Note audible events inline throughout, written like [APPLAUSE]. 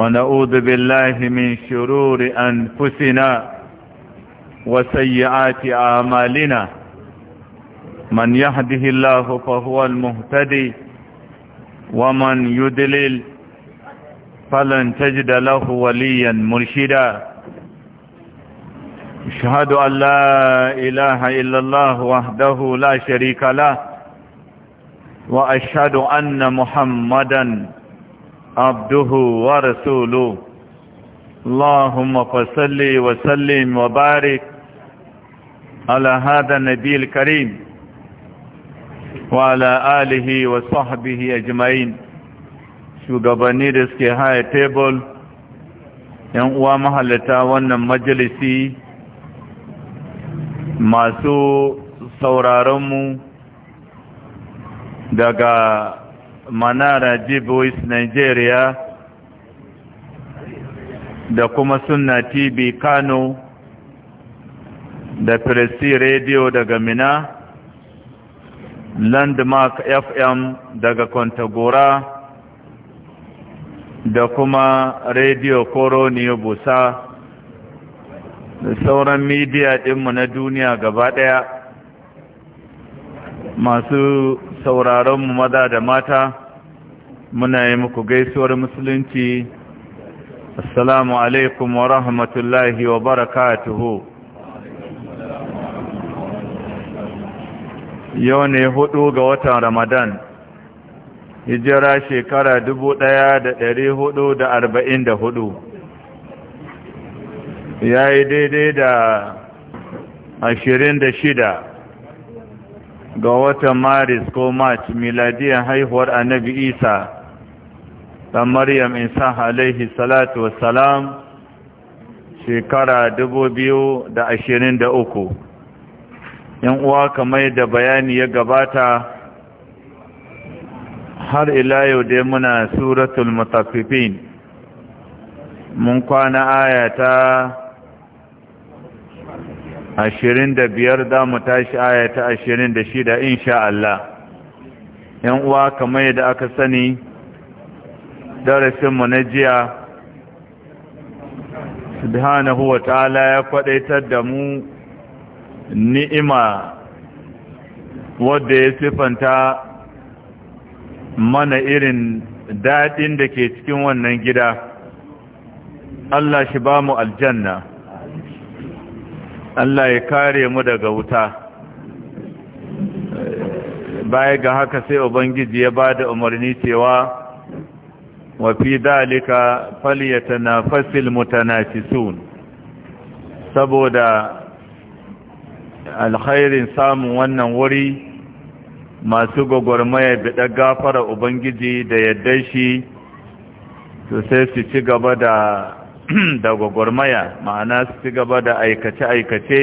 ونعوذ بالله من شرور أنفسنا وسيئات أعمالنا من يهده الله فهو المهتدي ومن يدلل فلن تجد له وليا مرشدا اشهد ان لا اله الا الله وحده لا شريك له واشهد ان محمدا عبده ورسوله اللهم فصل وسلم وبارك على هذا النبي الكريم وعلى آله وصحبه أجمعين shugabanni da suke haya tebur. yan uwa mahallata wannan majalisi masu sauraronmu daga manara jibois nigeria da kuma sunna tv kano da presi radio daga mina landmark fm daga kontagora da kuma radio koroniyo busa da sauran midiya ɗinmu na duniya gaba ɗaya masu sauraronmu maza da mata muna yi muku gaisuwar musulunci assalamu alaikum wa rahmatullahi wa barakatuhu yau ne hudu ga watan ramadan hijira shekara hudu. ya yi daidai da ashirin da shida ga watan maris ko march miladiyan haihuwar annabi isa ɗan maryam isa alaihi salatu wassalam shekara uku. yan uwa kamar da bayani ya gabata har ila yau dai muna suratul mutaffifin mun kwana aya ta biyar za mu tashi aya ta shida insha Allah yan uwa kamar da aka sani darasinmu na jiya subhanahu wa ta'ala ya kwadaitar da mu ni'ima wadda ya sifanta mana irin daɗin da ke cikin wannan gida Allah shi ba mu aljanna Allah ya kare mu daga wuta baya ga haka sai ubangiji ya bada umarni cewa wafi dalika falyatana fasil mutanafisun saboda alkhairin samun wannan wuri masu gwagwarmaya biɗa gafara ubangiji da yadda shi to sai su ci gaba da da gwagwarmaya ma'ana su ci gaba da aikace-aikace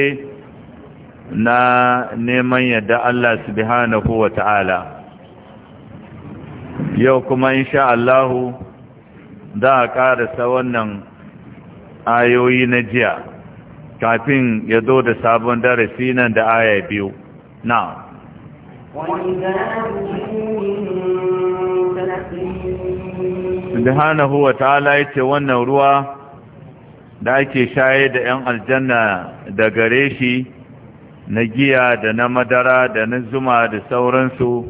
na neman yadda Allah subhanahu wa ta'ala yau kuma insha Allahu da a ƙarasa wannan ayoyi na jiya kafin ya zo da sabon darasi nan da aya biyu na subhanahu wa ta'ala ce wannan ruwa da ake shaye da 'yan aljanna da gare shi na giya da na madara da na zuma da sauransu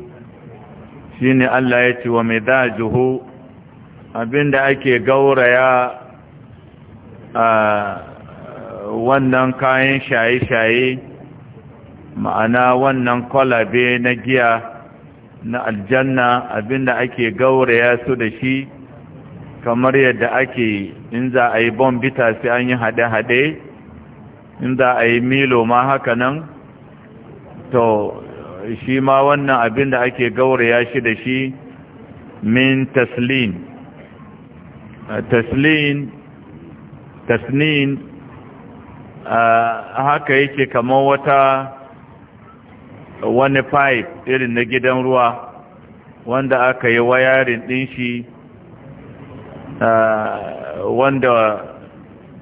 shi ne Allah ya ce wa mai midajuhu abinda ake gauraya a wannan kayan shaye-shaye ma'ana wannan kwalabe na giya na aljanna abinda ake gauraya su da shi kamar yadda ake in za a yi bombita sai an yi haɗe-haɗe in za a yi milo ma haka nan to shi ma wannan abinda ake gauraya shi da shi min taslim taslin tasnin haka yake kamar wata wani pipe irin na gidan ruwa wanda aka yi wayarin ɗin shi wanda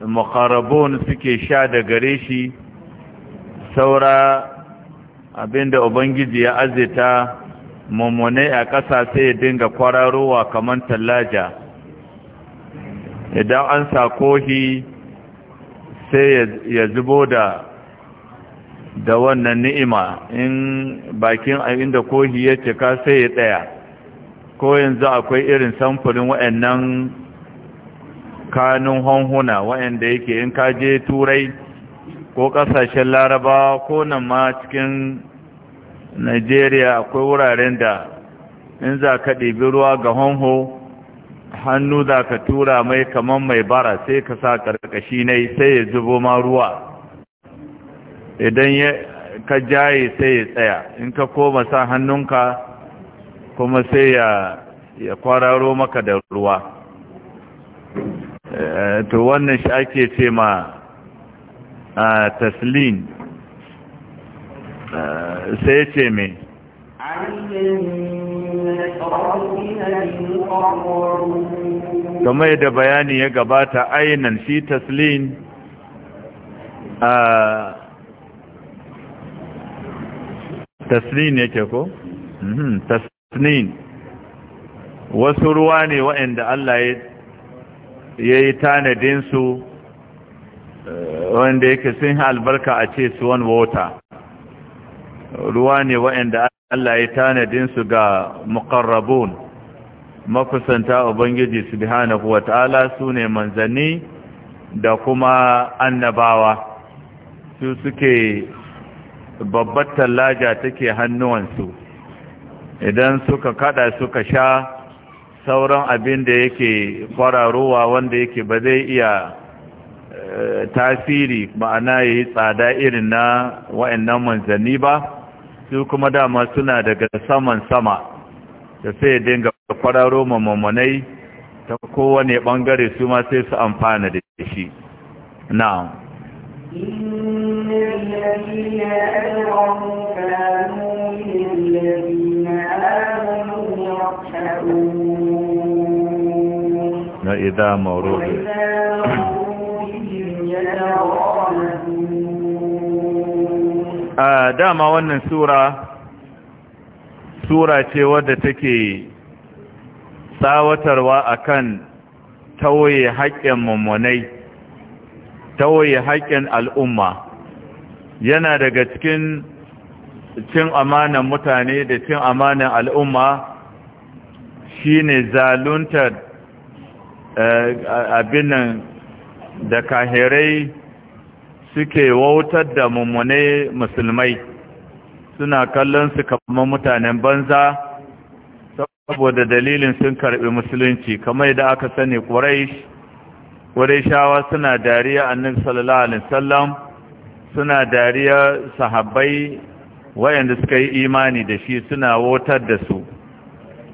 makarabon suke sha da gare shi saura abinda ubangiji ya azita mummune a ƙasa sai ya dinga kwararowa kamar tallaja idan an sa kohi sai ya zubo da da wannan ni'ima in bakin inda kohi ya cika sai ya tsaya ko yanzu akwai irin samfurin wa'annan kanun honhuna wa'anda yake in ka je turai ko kasashen laraba ko nan ma cikin nigeria akwai wuraren da in za ka ɗibi ruwa ga honho hannu za ka tura mai kaman mai bara sai ka sa karkashi ne sai ya zubo ma ruwa idan ka jaye sai ya tsaya in ka koma sa hannunka kuma sai ya ya kwararo maka da ruwa eh, to wannan shi ake ce ma eh, taslin eh, sai ce mai kamar da bayani ya gabata ainihin fi taslin a taslin yake ko? Mhm, taslin wasu ruwa ne waɗanda Allah ya yi su wanda yake sun albarka a ce swan water ruwa ne waɗanda Allah ya tanadin su ga muqarrabun makusanta ubangiji subhanahu wataala sune manzanni da kuma annabawa su suke babbar tallaja take hannuwansu idan suka kada suka sha sauran abin da yake kwararowa wanda yake ba zai iya eh, tasiri ma'ana ya yi tsada irin na wa'annan manzanni ba su kuma dama suna daga saman sama da sai dinga kwararo mamamanai ta kowane bangare su ma sai su amfana da shi na'am na dama wannan sura sura ce wadda take tsawatarwa akan tawaye haƙƙin mummunai tawaye haƙƙin al'umma yana daga cikin cin amanan mutane da cin amanan al'umma shine zaluntar eh, abinan da kahirai suke wautar da mummune musulmai suna kallon su kamar mutanen banza saboda dalilin sun karbi musulunci kamar da aka sani ƙwarai shawa suna dariya annabi sallallahu alaihi wasallam suna dariya sahabbai wayanda suka yi imani da shi suna wautar da su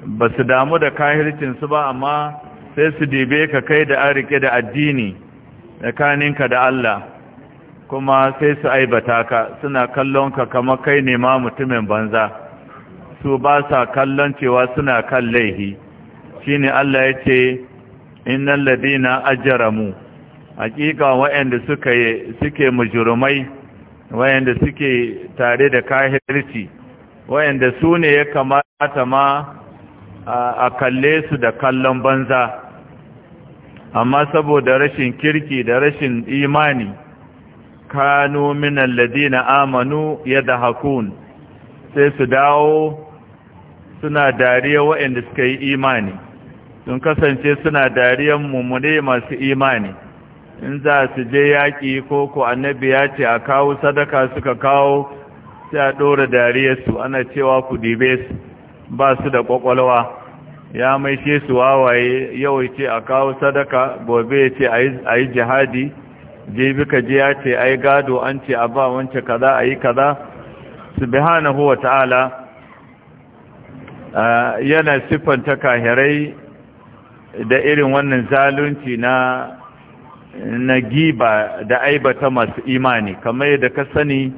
ba su damu da kahircin su ba amma sai su dibe ka kai da arike da addini da tsakaninka da Allah kuma sai su aibata ka suna kallon ka kamar kai ne ma mutumin banza su ba sa kallon cewa suna kan laihi shine Allah ya ce innal ladina ajramu hakika waɗanda suka suke mujurumai waɗanda suke tare da kahirci waɗanda su ne ya kamata ma a kalle su da kallon banza amma saboda rashin kirki da rashin imani kanu min alladina amanu Hakun. sai su dawo suna dariya waɗanda suka yi imani sun kasance suna dariyan mummune masu imani in za su je yaƙi ko ko annabi ya ce a kawo sadaka suka kawo sai a ɗora dariyarsu ana cewa ku dibe su ba su da ƙwaƙwalwa ya maishe su wawaye yawai ce a kawo sadaka gobe ce a yi jihadi jibi ka je ya ce ai gado an ce a ba wance kaza a yi kaza subhanahu wa ta'ala yana siffanta kahirai da irin wannan zalunci na na giba da aibata masu imani kamar yadda ka sani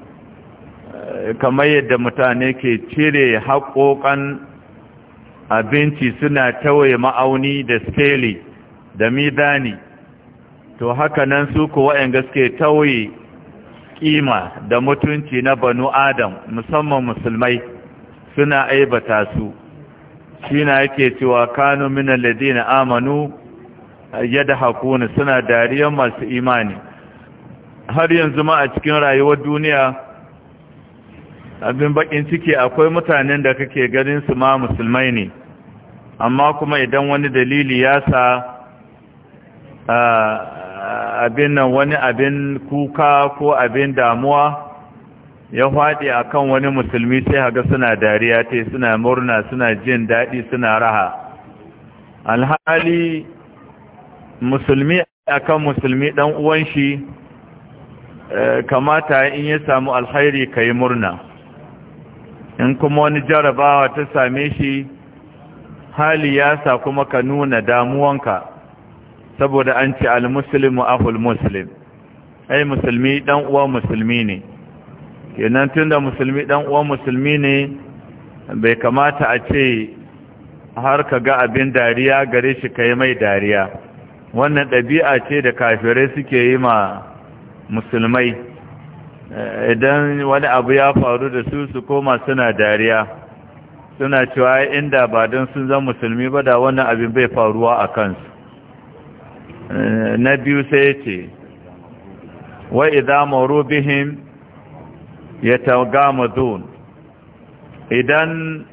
kamar yadda mutane ke cire haƙoƙan abinci suna tawaye ma'auni da steli da midani to haka nan su kuwa 'yan gaske tauye kima da mutunci na banu adam musamman musulmai suna aibata su shi na yake cewa kanu min alladina amanu Hakuna suna dariyar masu imani har yanzu ma a cikin rayuwar duniya abin bakin ciki akwai mutanen da kake ganin su ma musulmai ne amma kuma idan wani dalili ya sa ah, abin nan wani abin kuka ko abin damuwa ya faɗi akan wani musulmi sai haga suna dariya sai suna murna suna jin daɗi suna raha alhali musulmi akan musulmi ɗan uwan shi eh, kamata in ya samu alkhairi ka yi murna in kuma wani jarabawa ta same shi hali ya sa kuma ka nuna damuwanka saboda an ce al-muslimu ahul muslim ai musulmi dan uwa musulmi ne kenan tunda musulmi dan uwa musulmi ne bai kamata a ce har ka ga abin dariya gare shi kai mai dariya wannan ɗabi'a ce da kafire suke yi ma musulmai idan wani abu ya faru da su su koma suna dariya suna cewa inda ba don sun zan musulmi ba da wannan abin bai faruwa a kansu na biyu sai ce wa ya tauga yatagamadun idan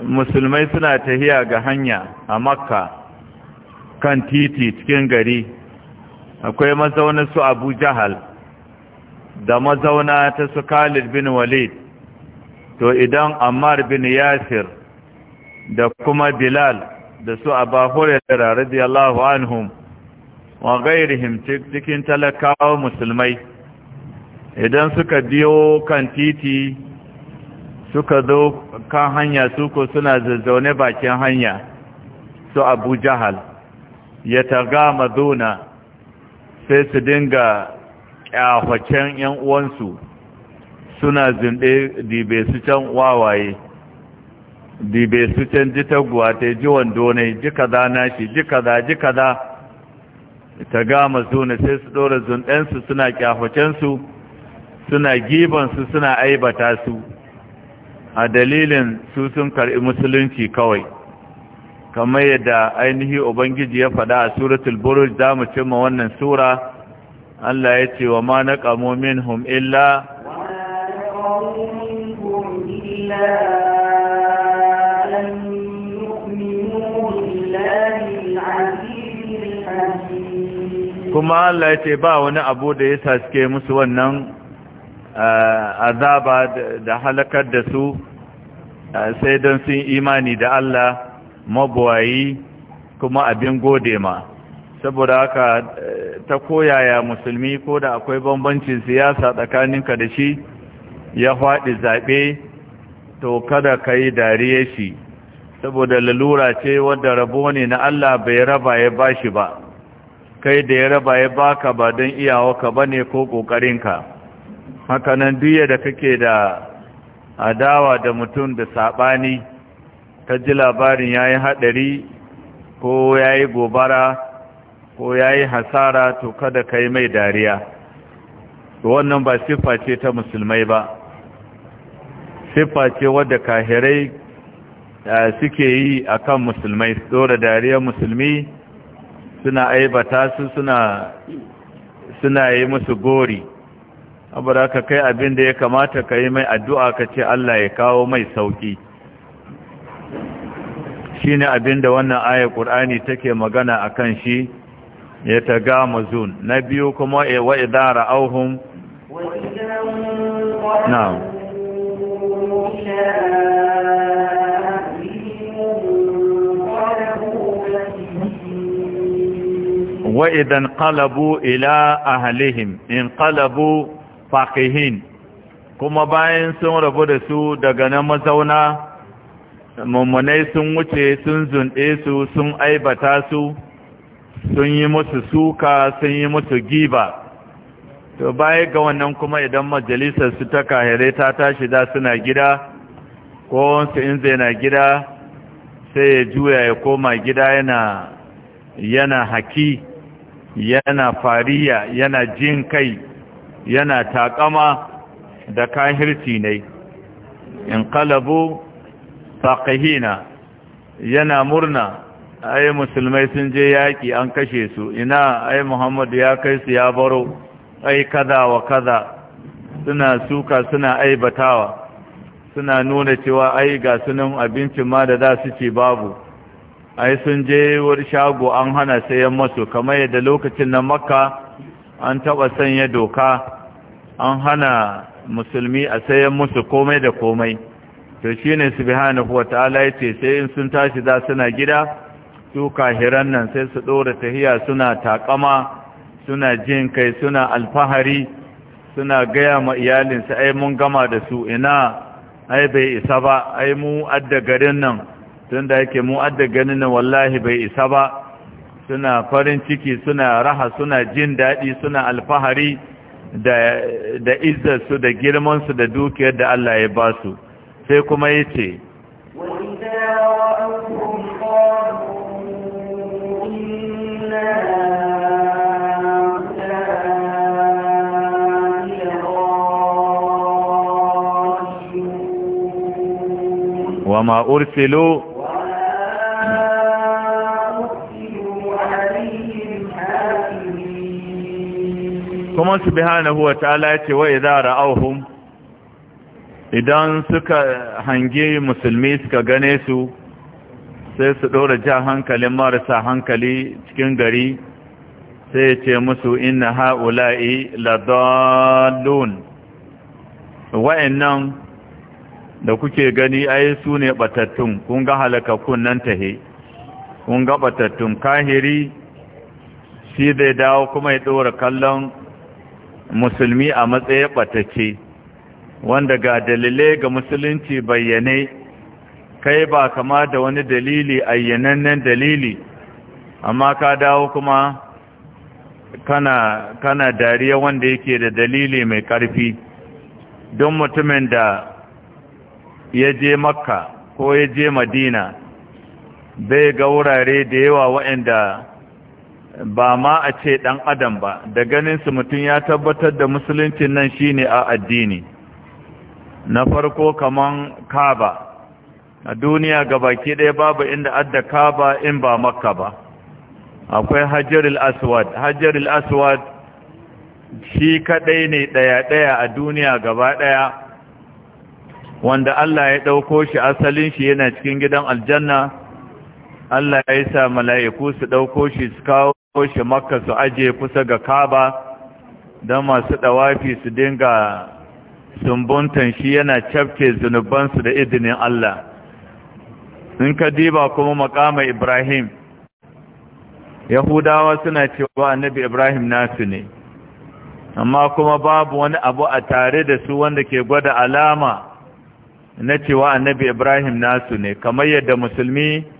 musulmai suna tahiya ga hanya a makka kan titi cikin gari akwai mazaunin su abu jahal da mazauna ta su khalid bin walid to idan ammar bin yasir da kuma bilal da su aba hurera radiyallahu anhum wa gairihim cikin talakawa musulmai idan suka biyo kan titi suka zo kan hanya suko suna zazzaune bakin hanya su abu jahal ya taga zona sai su dinga ƙyahwacen 'yan uwansu suna zunɗe dibe su can wawaye dibe su can ji taguwa ta ji wando ne ji kaza na shi ji kaza ji kaza ta gama su sai su ɗora zunɗensu suna kyafacensu suna gibansu suna aibata su a dalilin su sun karɓi musulunci kawai kamar yadda ainihi ubangiji ya faɗa a suratul buruj za mu cimma wannan sura Allah ya ce wa ma na ƙamomin hum illa kuma Allah ya ce ba wani abu da ya saske musu wannan azaba da halakar da su sai don sun imani da Allah mabuwayi kuma abin gode ma saboda haka ta koyaya musulmi ko da akwai bambancin siyasa tsakaninka da shi ya faɗi zaɓe to kada ka yi dariye shi saboda lalura ce wadda rabo ne na Allah bai raba ya bashi ba kai da ya raba ya baka ba don ka ba ne ko ƙoƙarinka hakanan duya da kake da adawa da mutum da saɓani ka ji labarin ya yi haɗari ko ya yi gobara ko ya yi hasara to kada ka yi mai dariya wannan ba siffa ce ta musulmai ba siffa ce wadda kahirai eh, suke yi akan musulmai dora dariyar musulmi suna aibata su suna suna yi musu gori abada ka kai abin da ya kamata ka yi mai addu'a ka ce Allah ya kawo mai sauƙi shi ne abin da wannan ayar ƙur'ani take magana a kan shi ya ta gama zun na biyu kuma e, wa idara auhun na wa idan qalabu ila ahlihim in qalabu faqihin kuma bayan sun rabu da su daga na mazauna mummunai sun wuce sun zunɗe su sun aibata su sun yi musu suka sun yi musu giba to baya ga wannan kuma idan majalisar su ta kahire ta tashi da suna gida ko su in zai na gida sai ya juya ya koma gida yana yana haki yana fariya yana jin kai yana takama da kahirci ne in kalabu faƙihina yana murna ai musulmai sun je yaƙi an kashe su ina ai muhammadu ya kai su ya baro ai kaza wa kaza suna suka suna aibatawa suna nuna cewa ai ga sunan abincin ma da za su ce babu ai sun je wani shago an hana sayan masu kamar yadda lokacin na makka an taba sanya doka an hana musulmi a sayan musu komai da komai to shi ne subhanahu wata'ala ya ce sai in sun tashi za suna gida su kahiran nan sai su ɗora tahiya suna takama suna jin kai suna alfahari suna gaya ma iyalinsa ai mun gama da su ina ai bai isa ba ai mu adda garin nan tun da yake mu adda ganin wallahi bai isa ba suna farin ciki suna raha suna jin daɗi suna alfahari da su da girmansu da dukiyar da Allah ya ba su sai kuma ya ce wa أرسلوا kuma subhanahu wa ta'ala yace wa idza ra'awhum idan suka hange musulmi suka gane su sai su dora ja hankalin marasa hankali cikin gari sai ya ce musu inna ha'ula'i ladallun wa'annan da kuke gani ai su ne batattun kun ga kun nan tahe kun ga batattun kahiri shi zai dawo kuma ya ɗora kallon musulmi a matsayin ɓatacce wanda ga dalilai ga musulunci bayyane kai ba kama da wani dalili ayyanannen dalili amma ka dawo kuma kana, kana dariya wanda yake da dalili mai ƙarfi don mutumin da ya je makka ko ya je madina bai ga wurare da yawa waɗanda ba ma a ce ɗan adam ba da ganinsu mutum ya tabbatar da musulunci nan shine a addini na farko kaman kaba a duniya baki ɗaya babu inda adda kaba in ba makka ba akwai hajjaril aswad hajjaril aswad shi kaɗai ne ɗaya-ɗaya a duniya gaba ɗaya wanda Allah ya ɗauko shi asalin shi yana cikin gidan aljanna Allah ya yi sa mala'iku su ɗauko shi su kawo yaushe makka su aje kusa ga kaba don masu ɗawafi su dinga sumbuntan shi yana cafke zunubansu da idinin Allah in ka diba kuma makama Ibrahim Yahudawa suna cewa annabi Ibrahim nasu ne amma kuma babu wani abu a tare da su wanda ke gwada alama na cewa annabi Ibrahim nasu ne kamar yadda musulmi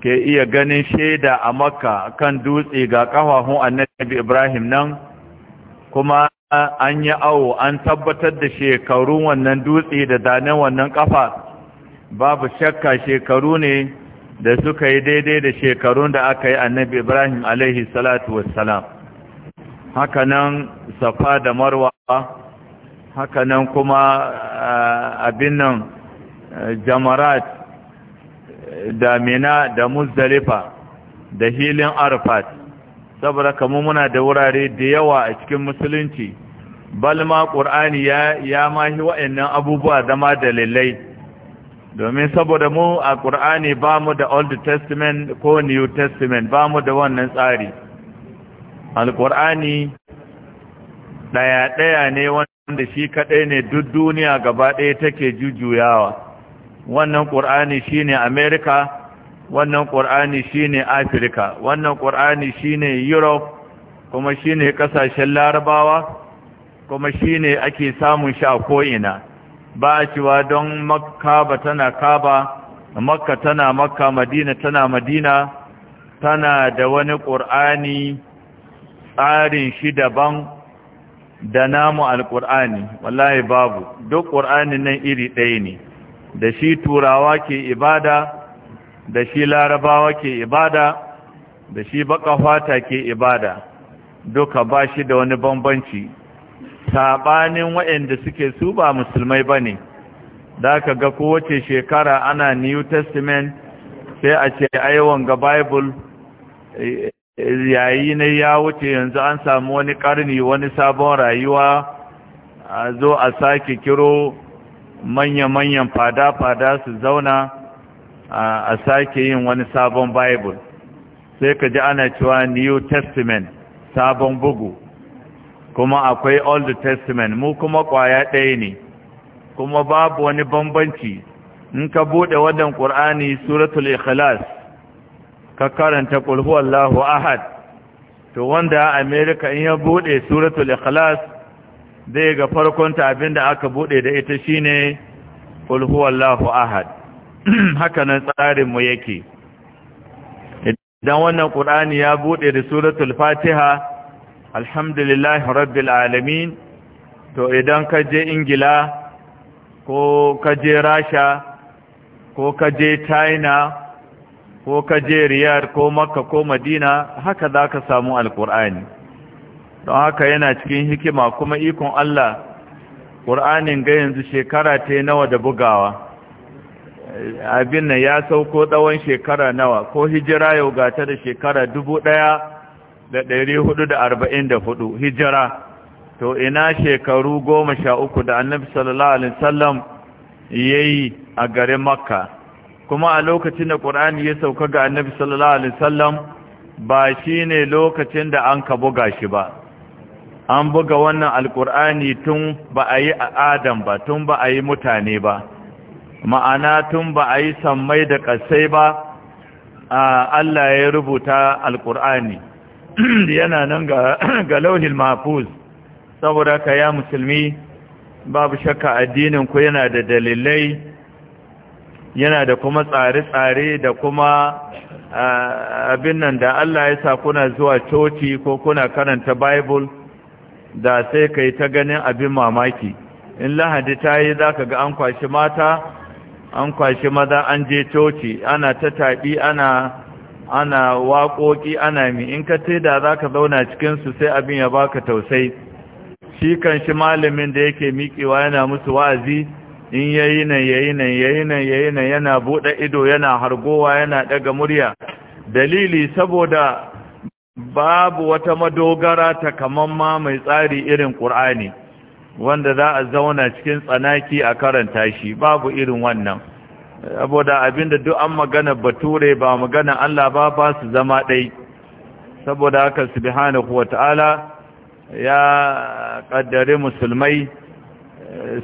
ke iya ganin shaida a makka kan dutse ga kafafun annabi ibrahim nan kuma an yi awo an tabbatar da shekaru wannan dutse da zanen wannan kafa babu shakka shekaru ne da suka yi daidai da shekarun da aka yi annabi ibrahim alaihi salatu wassalam hakanan safa da marwa hakanan kuma eh, abin nan eh, jamarat da mina da muzdalifa da hilin arfat saboda kamu muna da wurare da yawa a cikin musulunci balma ƙur'ani ya, ya mahi wa'annan abubuwa zama dalilai domin saboda mu a ƙur'ani ba mu da old testament ko new testament ba mu da wannan tsari alƙur'ani ɗaya-ɗaya ne wanda shi kaɗai ne duk duniya gaba ɗaya take jujjuyawa wannan ƙur'ani shine america wannan ƙur'ani shine afirka wannan ƙur'ani shine europe kuma shine ƙasashen larabawa kuma shine ake samun shi a ko'ina ba a cewa don makka tana kaba makka tana makka madina tana madina tana da wani ƙur'ani tsarin shi daban da namu alƙur'ani wallahi babu duk ƙur'ani nan iri ɗaya ne da shi turawa ke ibada da shi larabawa ke ibada da shi baka fata ke ibada duka ba shi da wani bambanci saɓanin waɗanda suke su ba musulmai ba ne da ka ga kowace shekara ana new testament sai a ce aiwon ga bible yayi na ya wuce yanzu an samu wani karni wani sabon rayuwa a zo a sake kiro manya-manyan fada-fada su zauna a sake yin wani sabon bible sai ka ji ana cewa new testament sabon bugu kuma akwai old testament mu kuma kwaya ɗaya ne kuma babu wani bambanci in ka buɗe wannan ƙur'ani suratul ikhlas ka karanta ƙulhu Allahu ahad to wanda Amerika in ya buɗe suratul ikhlas zai ga farkonta da aka bude da ita shine qul huwallahu ahad [CLEARS THROAT] haka nan tsarin mu yake idan wannan qur'ani ya bude da suratul fatiha alhamdulillah rabbil alamin to idan ka je ingila ko ka je rasha ko ka je china ko ka je riyar ko makka ko madina haka za ka samu alkur'ani don haka yana cikin hikima kuma ikon Allah ƙur'anin ga yanzu shekara ta nawa da bugawa abin nan ya sauko tsawon shekara nawa ko hijira yau gata da shekara dubu ɗaya da ɗari hudu da arba'in da hudu hijira to ina shekaru goma sha uku da annabi sallallahu alaihi wasallam ya yi a garin makka kuma a lokacin da ƙur'ani ya sauka ga annabi sallallahu alaihi wasallam ba shi ne lokacin da an ka buga shi ba an buga wannan alkur'ani tun ba a yi adam ba tun ba a yi mutane ba ma'ana tun ba a yi sammai da ƙasai ba Allah ya rubuta alkur'ani [CLEARS THROAT] yana nan ga [CLEARS THROAT] launin mafuz saboda ka ya musulmi babu shakka addinin ku yana da dalilai yana da kuma tsare-tsare da kuma abin nan da Allah ya sa kuna zuwa coci ko kuna karanta bible da sai ka yi ta ganin abin mamaki in lahadi ta yi za ka ga an kwashi mata an kwashi maza an je coci ana ta taɓi ana ana waƙoƙi ana mi in ka ce da za ka zauna cikinsu sai abin ya baka tausai shi kan shi malamin da yake miƙewa yana musu wa'azi in yayi nan yayi nan yayi nan yayi nan yana buɗe ido yana hargowa yana ɗaga murya dalili saboda babu wata madogara ta kaman ma mai tsari irin ƙur'ani wanda za a zauna cikin tsanaki a karanta shi babu irin wannan saboda abinda duk an magana bature ba magana Allah ba ba su zama ɗai saboda haka subhanahu wata'ala ya ƙaddare musulmai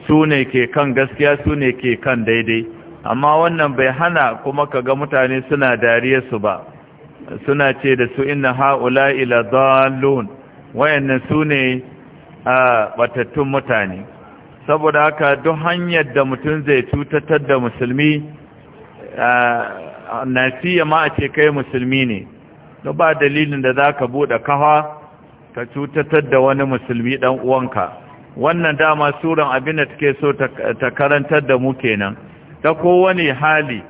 su ne ke kan gaskiya su ne ke kan daidai amma wannan bai hana kuma kaga mutane suna dariyarsu ba suna ce da su inna ha'ula ila dalun wayannan su ne a batattun mutane saboda haka duk hanyar da mutum zai cutattar da musulmi nasiya ma a ce kai musulmi ne no ba dalilin da za ka buɗe kawa ka cutatar da wani musulmi ɗan uwanka wannan dama suran abin da take so ta karantar da mu kenan ta kowane hali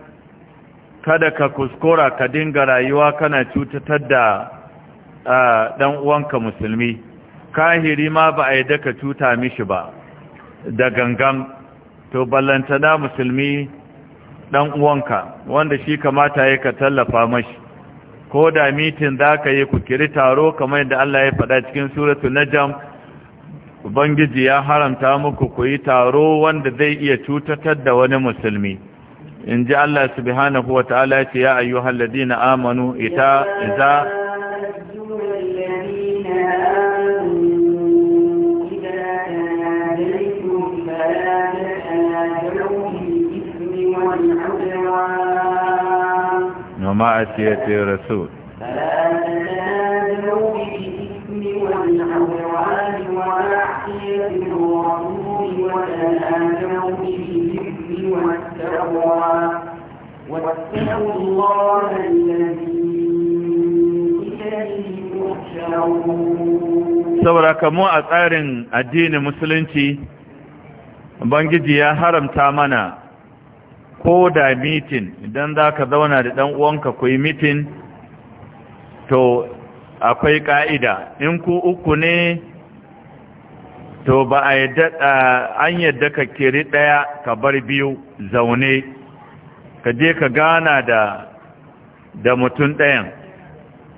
kada ka kuskura ka dinga rayuwa kana cutatar da ɗan uwanka musulmi kahiri ma ba a yi ka cuta mishi ba da gangan to ballanta ballantana musulmi dan uwanka wanda shi kamata ya ka tallafa mashi ko da mitin za ka yi ku kiri taro kamar yadda Allah ya faɗa cikin suratun najam ubangiji ya haramta muku ku yi taro wanda zai iya cutatar da wani musulmi in ji Allah subhanahu wa ta'ala ce ya ayyuhal ladina amanu ita iza وما أتيت رسول واتقوا الله saboda kamo a tsarin addinin musulunci bangiji ya haramta mana ko da mitin idan za ka zauna da ɗan uwanka ku yi mitin to akwai ƙa'ida in ku uku ne to ba a daɗa an yadda ka kiri ɗaya ka bar biyu zaune ka je ka gana da da mutum ɗayan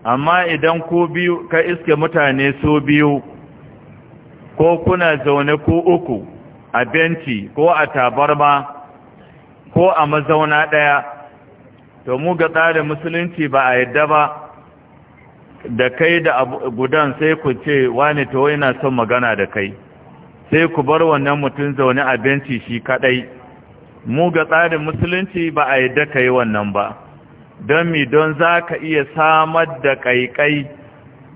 amma idan ku biyu ka iske mutane so biyu ko kuna zaune ko uku a benci ko a tabarma ko a mazauna ɗaya to mu ga tsarin musulunci ba a yadda ba da kai da gudan sai ku ce wani to ina son magana da kai sai ku bar wannan mutum zaune a benci shi kaɗai mu ga tsarin musulunci ba a yi daka yi wannan ba don mi don za ka iya samar da ƙaiƙai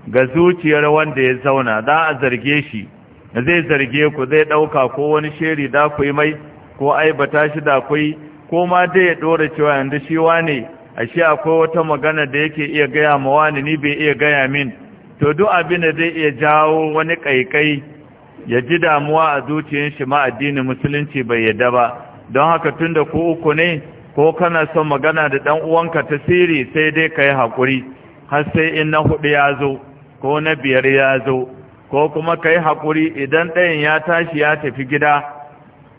ga zuciyar wanda ya zauna za a zarge shi zai zarge ku zai ɗauka ko wani shiri, da ku mai ko aibata shi da ku yi ko ma dai ya ɗora cewa yanzu shi wane shi akwai wata magana da yake iya gaya ma wani ni bai iya gaya min to duk abin da zai iya jawo wani ƙaiƙai ya ji damuwa a zuciyar shi ma addinin musulunci bai yadda ba don haka tun da ku uku ne ko kana son magana da ɗan uwanka ta sirri sai dai ka yi haƙuri, har sai in na huɗu ya zo ko na biyar ya zo ko kuma ka yi haƙuri, idan ɗayan ya tashi ya tafi gida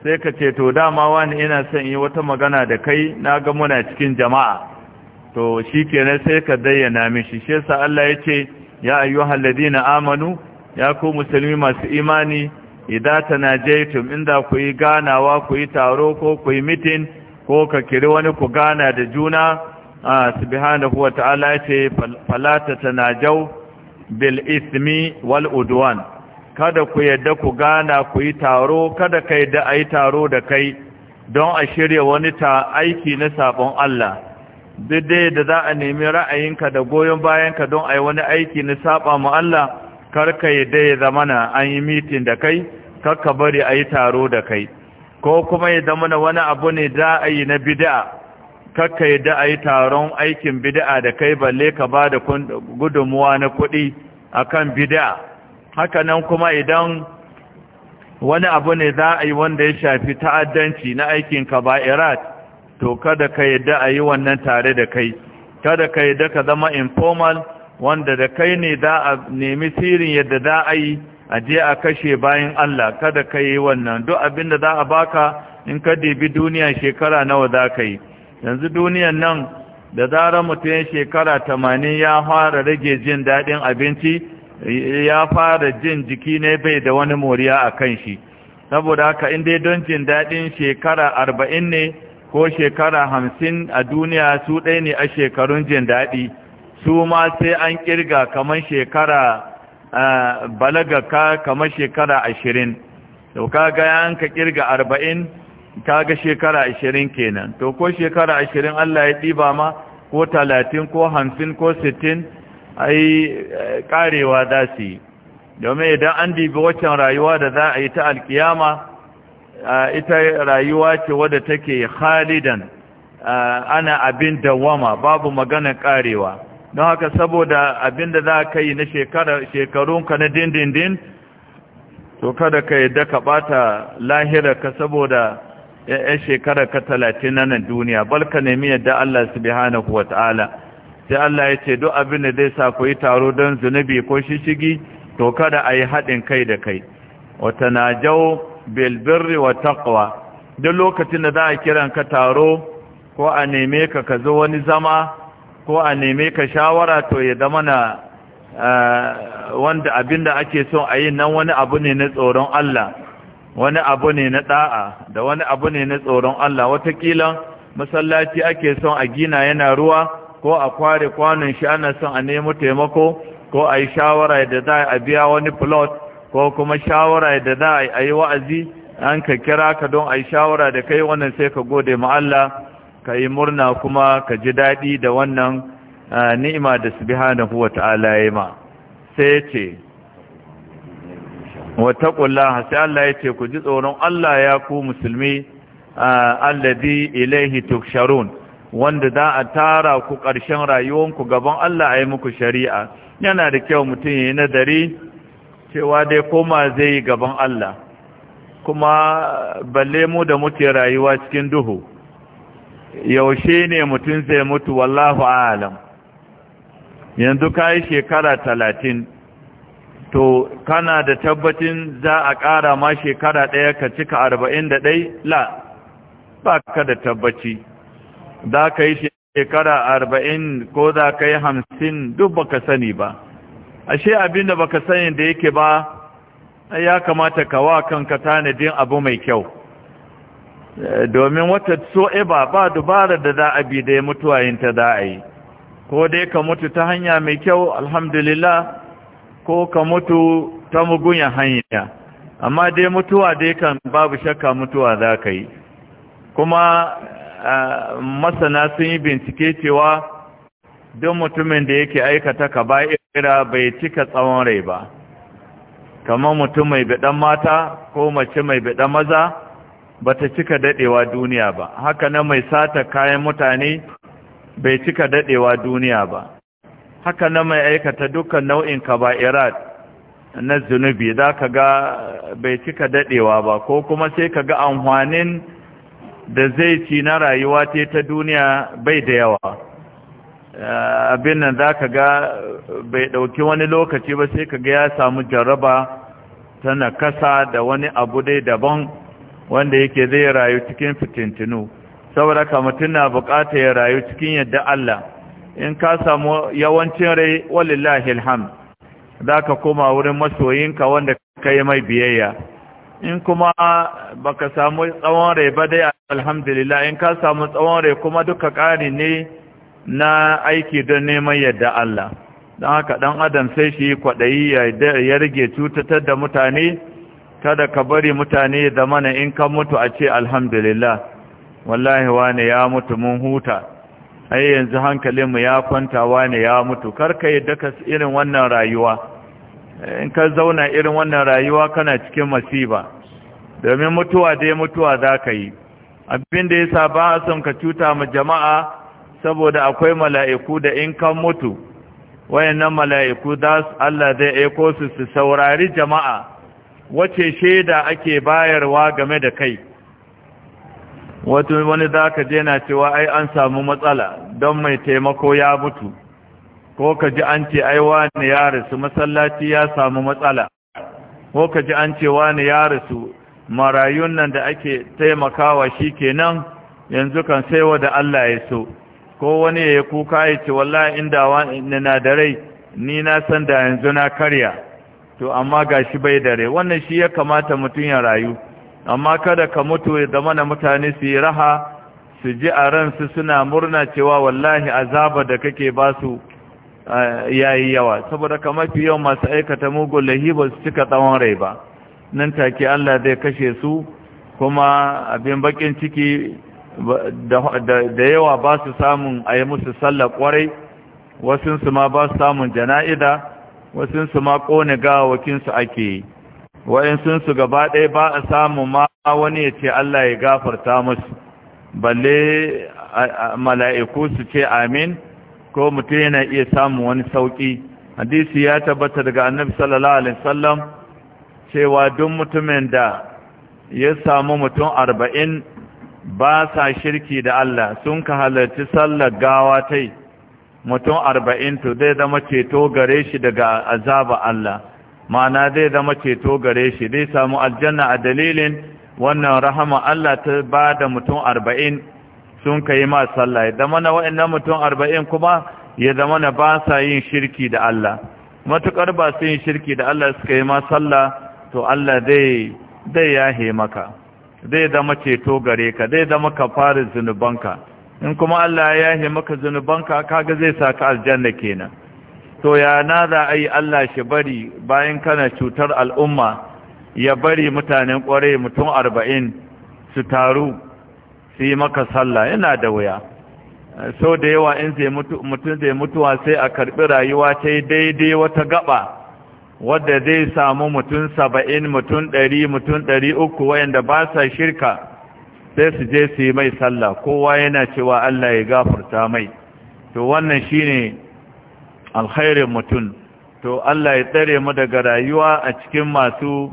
sai ka ce to dama wani ina son yi wata magana da kai na ga muna cikin jama'a to shi kenan sai ka dayyana mishi shi yasa Allah ya ce ya ayyuhal ladina amanu ya ku musulmi masu imani Ida ta najaitum inda ku yi ganawa ku yi taro ko ku yi mitin ko ka kiri wani ku gana da juna a subhanahu wa ta'ala ce falata ta najau bil ismi wal udwan kada ku yadda ku gana ku yi taro kada ka yadda a yi taro da kai don a shirya wani ta aiki na sabon Allah duk dai da za a nemi ra'ayinka da goyon bayanka don a yi wani aiki na saba mu Allah karka yi ya zamana an yi mitin da kai karka bari a yi taro da kai ko kuma yi zamana wani abu ne za a yi na bid'a karka da a yi taron aikin bid'a da kai balle ka ba da gudunmuwa na kuɗi akan bid'a haka nan kuma idan wani abu ne za a yi wanda ya shafi ta'addanci na aikin kaba'irat to kada ka yi da a yi wannan tare da kai kada ka yi da ka zama informal wanda da kai ne da a nemi sirin yadda da a yi a je a kashe bayan Allah kada ka yi wannan duk abin da za a baka in ka dibi duniya shekara nawa za ka yi yanzu duniyan nan da zarar mutum shekara tamanin ya fara rage jin daɗin abinci ya fara jin jiki ne bai da wani moriya a kan shi saboda haka in dai don jin daɗin shekara arba'in ne ko shekara hamsin a duniya su ɗaya ne a shekarun jin daɗi su ma sai an kirga kamar shekara eh, balaga ka kamar shekara ashirin to kaga yan ka kirga arba'in kaga shekara ashirin kenan to ko shekara ashirin Allah ya ɗiba ma ko talatin ko hamsin ko sittin yi karewa eh, za su yi domin idan an dibi waccan rayuwa da za a yi ta alkiyama ita rayuwa ce wadda take halidan ana abin dawama babu magana ƙarewa don haka saboda abinda za ka yi na shekarunka na dindindin to kada ka yi ka bata lahira saboda ya'yan shekarar ka talatin na nan duniya balka nemi yadda Allah subhanahu wa ta'ala sai Allah ya ce duk abin da zai sa ku yi taro don zunubi ko shishigi to kada a yi haɗin kai da kai wata na jau bilbirri wa taqwa duk lokacin da za a kiran ka taro ko a neme ka ka zo wani zama ko a neme ka shawara to ya zama na eh, wanda abinda ake so a yi nan wani abu ne na tsoron Allah wani abu ne na da'a da wani abu ne na tsoron Allah watakila masallaci ake so a gina yana ruwa ko a kware kwanon shi ana son a nemo taimako ko a yi shawara da za a biya wani plot ko kuma shawara da za a yi wa'azi an ka kira ka don a yi shawara da kai wannan sai ka gode ma Allah ka yi murna kuma ka ji daɗi da wannan ni'ima da subhanahu wa ta'ala ya ma sai ce wataqullaha sai Allah ya ce ku ji tsoron Allah ya ku musulmi alladhi ilaihi tuksharun wanda za a tara ku ƙarshen rayuwanku gaban Allah yi muku shari'a yana da kyau mutum ya yi nadari cewa dai koma zai yi gaban Allah kuma balle mu da muke rayuwa cikin duhu yaushe ne mutum zai mutu wallahu alam yanzu ka yi shekara talatin to kana da tabbacin za a ƙara ma shekara ɗaya ka cika arba'in da ɗai la ba ka da tabbaci za ka yi shekara arba'in ko za ka yi hamsin duk ba ka sani ba ashe abin da ba ka sani da yake ba ya kamata ka wa kanka tanadin abu mai kyau domin wata soeba ba dubara da za a bi da ya mutuwa yin ta za a yi ko dai ka mutu ta hanya mai kyau alhamdulillah ko ka mutu ta ya hanya amma dai mutuwa dai kan babu shakka mutuwa za ka yi kuma masana sun yi bincike cewa don mutumin da yake aikata ka ba'ira bai cika tsawon rai ba kamar mutum mai biɗan mata ko mace mai biɗan maza ba ta cika dadewa duniya ba haka na mai sata kayan mutane bai cika dadewa duniya ba haka na mai aikata dukkan nau'in kaba'irat na zunubi za ka ga bai cika dadewa ba ko kuma sai ka ga amfanin da zai ci na rayuwa ce ta duniya bai da yawa abin nan za ka ga bai ɗauki wani lokaci ba sai ka ga ya samu jaraba ta nakasa da wani abu dai daban wanda yake zai rayu cikin fitintinu saboda ka mutum na bukata ya rayu cikin yadda Allah in ka samu yawancin rai walillahi alhamd za ka koma wurin masoyinka wanda ka yi mai biyayya in kuma baka samu tsawon rai ba dai alhamdulillah in ka samu tsawon rai kuma duka ƙari ne na aiki don neman yadda Allah don haka dan adam sai shi kwaɗayi ya rage cutatar da mutane kada ka bari mutane da mana in kan mutu a ce alhamdulillah wallahi wane ya mutu mun huta ai yanzu hankalinmu ya kwanta wane ya mutu karka yadda ka irin wannan rayuwa in ka zauna irin wannan rayuwa kana cikin masiba domin mutuwa dai mutuwa za ka yi abin da ya sa ba a son ka cuta ma jama'a saboda akwai mala'iku da in kan mutu wayannan mala'iku za Allah zai aiko su su saurari jama'a wace shaida ake bayarwa game da kai wato wani za ka je na cewa ai an samu matsala don mai taimako ya mutu ko ka ji an ce ai wani ya rasu masallaci ya samu matsala ko ka ji an ce wani ya rasu marayun nan da ake taimakawa shi kenan yanzu kan saiwa da Allah ya so ko wani ya kuka ya ce wallahi inda wani na da rai ni na san da yanzu na karya to amma ga shi bai da rai. wannan shi ya kamata mutum ya rayu amma kada ka mutu da mana mutane su yi raha su ji a ransu suna murna cewa wallahi azaba da kake ba su eh, yayi yawa saboda ka mafi yau masu aikata mugun lahi su cika tsawon rai ba nan take Allah zai kashe su kuma abin bakin ciki da yawa ba su samun a yi musu sallah kwarai wasunsu ma ba su samun jana'ida wasu su ma kone gawakinsu ake yi wa'insun su gaba ɗaya ba a samu ma wani ya ce Allah ya gafarta musu balle mala'iku su ce amin ko mutum yana iya samun wani sauƙi hadisi ya tabbata daga annabi sallallahu alaihi wasallam cewa duk mutumin da ya samu mutum arba'in ba sa shirki da Allah sun ka halarci sallar gawa tai mutum arba'in to zai zama ceto gare shi daga azaba Allah ma'ana zai zama ceto gare shi zai samu aljanna a dalilin wannan rahama Allah ta ba da mutum arba'in sun ka yi ma sallah ya zama na wa'annan mutum arba'in kuma ya zama na ba sa yin shirki da Allah matuƙar ba su yin shirki da Allah suka yi ma sallah to Allah zai yahe maka zai zama ceto gare ka zai zama ka fara zunubanka in kuma Allah ya yahe maka zunubanka kaga zai saka aljanna kenan to ya na za a yi Allah shi bari bayan kana cutar al'umma ya bari mutanen kware mutum arba'in su taru su yi maka sallah yana da wuya sau da yawa in mutum zai mutuwa sai a karɓi rayuwa ta daidai wata gaba wadda zai samu mutum saba'in mutum ɗari mutum ɗari uku wayanda ba sa shirka sai su je su yi mai sallah kowa yana cewa Allah ya gafarta mai to wannan shine alkhairin mutum to Allah ya tsare mu daga rayuwa a cikin masu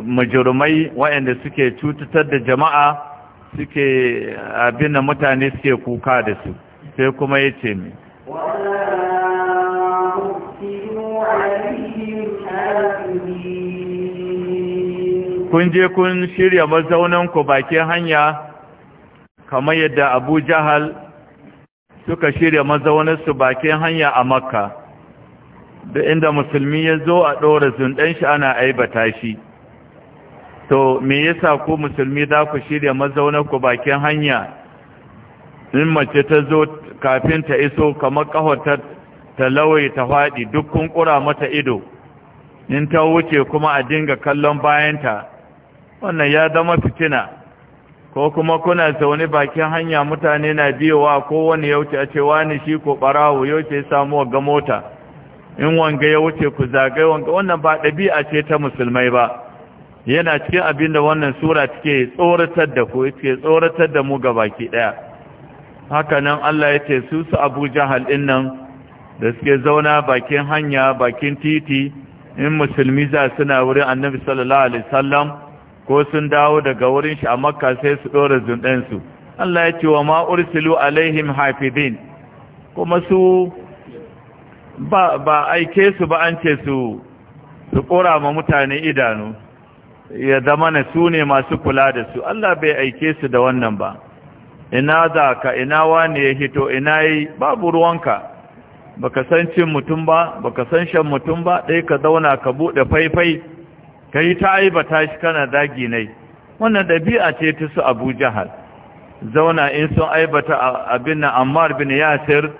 majurumai waɗanda suke cututar da jama'a suke abin mutane suke kuka da su sai kuma yace ce wa kun je kun shirya mazaunanku bakin hanya kamar yadda abu jahal suka shirya mazaunarsu bakin hanya a makka da inda musulmi ya zo a ɗora zunɗen shi ana aibata shi to me yasa ku musulmi za ku shirya mazaunarku bakin hanya in mace ta zo kafin ta iso kamar kahotar ta lawai ta faɗi duk kun ƙura mata ido in ta wuce kuma a dinga kallon bayanta wannan ya zama fitina ko kuma kuna zaune bakin hanya mutane na biyowa ko wani ya wuce a ce wani shi ko barawo ya wuce samu ga mota in wanga ya wuce ku zagaye wanga wannan ba ɗabi'a ce ta musulmai ba yana cikin abin da wannan sura take tsoratar da ku take tsoratar da mu baki ɗaya haka nan Allah ya ce su su Abu Jahal din nan da suke zauna bakin hanya bakin titi in musulmi za suna wurin annabi sallallahu alaihi wasallam ko sun dawo daga wurin shi a makka sai su ɗora zunɗensu Allah ya ce wa alaihim hafidin kuma su ba, ba aike su ba an ce su su ƙora ma mutane idanu ya zama na su ne masu kula da su Allah bai aike su da wannan ba ina za ka ina wani ya hito ina yi babu ruwanka baka san cin mutum ba baka san shan mutum ba ɗai ka zauna ka buɗe faifai ka yi ta aibata shi kana zagi nai wannan ɗabi'a ce ta su abu jahal zauna in sun aibata abin nan ammar bin yasir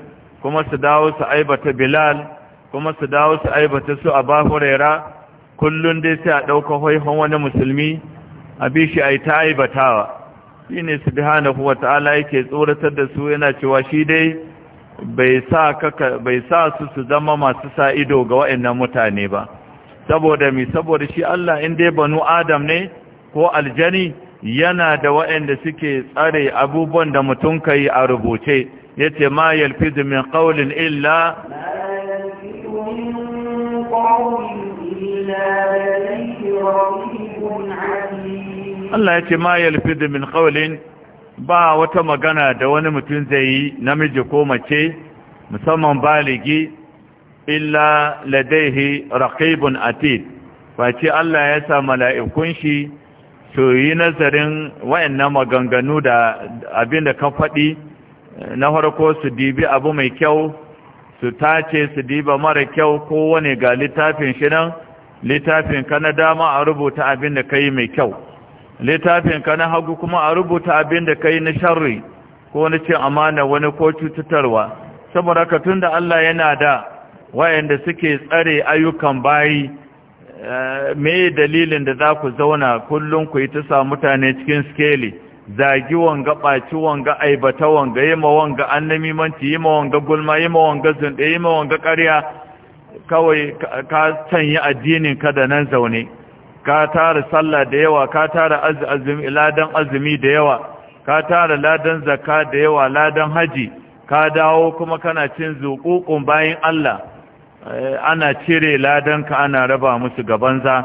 kuma su dawo su aibata bilal kuma su dawo su aibata su aba huraira kullum dai sai a ɗauka haihon wani musulmi a shi a yi ta aibatawa shi ne su bi hana kuwa ta'ala yake tsoratar da su yana cewa shi dai bai sa su su zama masu sa ido ga waɗannan mutane ba saboda mi saboda shi Allah in dai banu adam ne ko aljani yana da wa'anda suke tsare abubuwan da mutum kai a rubuce yace ma yalfizu min qawlin illa Allah yace ma yalfizu min qawlin ba wata magana da wani mutum zai yi namiji ko mace musamman baligi illa ladaihi raqibun atid face Allah ya sa mala'ikun shi su yi nazarin wayannan maganganu da abin da ka faɗi na farko su dibi abu mai kyau su tace su diba mara kyau ko wani ga littafin shi nan littafin ka na dama a rubuta abin da ka yi mai kyau littafin ka na hagu kuma a rubuta abin da ka yi na sharri ko wani cin amana wani ko cututtarwa saboda ka tun da Allah yana da wayanda suke tsare ayyukan bayi eh, me dalilin da za ku zauna kullum ku yi ta sa mutane cikin skeli zagi wanga ɓaci wanga aibata wanga yi wanga annamimanci yi wanga gulma yi wanga zunɗe yi wanga ƙarya kawai ka sanya addinin ka da nan zaune ka tara sallah da yawa ka tara azumi ladan azumi da yawa ka tara ladan zakka da yawa ladan haji ka dawo kuma kana cin zuƙuƙun bayan Allah Eh, ana cire ladanka ana raba musu gabanza